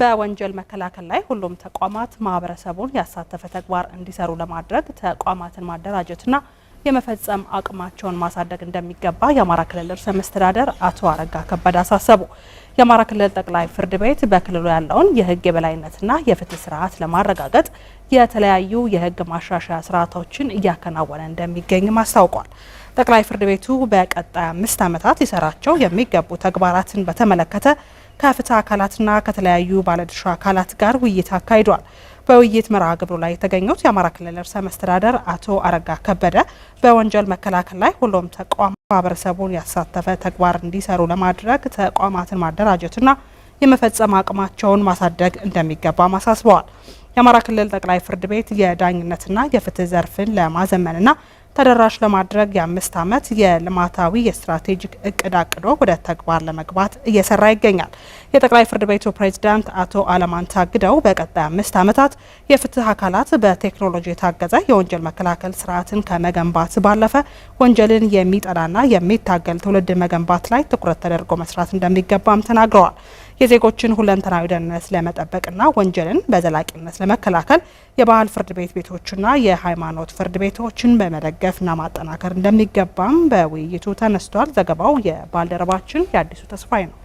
በወንጀል መከላከል ላይ ሁሉም ተቋማት ማህበረሰቡን ያሳተፈ ተግባር እንዲሰሩ ለማድረግ ተቋማትን ማደራጀትና የመፈጸም አቅማቸውን ማሳደግ እንደሚገባ የአማራ ክልል ርዕሰ መስተዳደር አቶ አረጋ ከበደ አሳሰቡ። የአማራ ክልል ጠቅላይ ፍርድ ቤት በክልሉ ያለውን የህግ የበላይነትና የፍትህ ስርዓት ለማረጋገጥ የተለያዩ የህግ ማሻሻያ ስርዓቶችን እያከናወነ እንደሚገኝም አስታውቋል። ጠቅላይ ፍርድ ቤቱ በቀጣይ አምስት ዓመታት ሊሰራቸው የሚገቡ ተግባራትን በተመለከተ ከፍትህ አካላትና ከተለያዩ ባለድርሻ አካላት ጋር ውይይት አካሂዷል። በውይይት መርሃ ግብሩ ላይ የተገኙት የአማራ ክልል ርዕሰ መስተዳደር አቶ አረጋ ከበደ በወንጀል መከላከል ላይ ሁሉም ተቋም ማህበረሰቡን ያሳተፈ ተግባር እንዲሰሩ ለማድረግ ተቋማትን ማደራጀትና የመፈጸም አቅማቸውን ማሳደግ እንደሚገባም አሳስበዋል። የአማራ ክልል ጠቅላይ ፍርድ ቤት የዳኝነትና የፍትህ ዘርፍን ለማዘመንና ተደራሽ ለማድረግ የአምስት ዓመት የልማታዊ የስትራቴጂክ እቅድ አቅዶ ወደ ተግባር ለመግባት እየሰራ ይገኛል። የጠቅላይ ፍርድ ቤቱ ፕሬዝዳንት አቶ አለማን ታግደው በቀጣይ አምስት ዓመታት የፍትህ አካላት በቴክኖሎጂ የታገዘ የወንጀል መከላከል ስርዓትን ከመገንባት ባለፈ ወንጀልን የሚጠላና የሚታገል ትውልድ መገንባት ላይ ትኩረት ተደርጎ መስራት እንደሚገባም ተናግረዋል። የዜጎችን ሁለንተናዊ ደህንነት ለመጠበቅና ወንጀልን በዘላቂነት ለመከላከል የባህል ፍርድ ቤት ቤቶችና የሃይማኖት ፍርድ ቤቶችን በመደገፍና ማጠናከር እንደሚገባም በውይይቱ ተነስቷል። ዘገባው የባልደረባችን የአዲሱ ተስፋዬ ነው።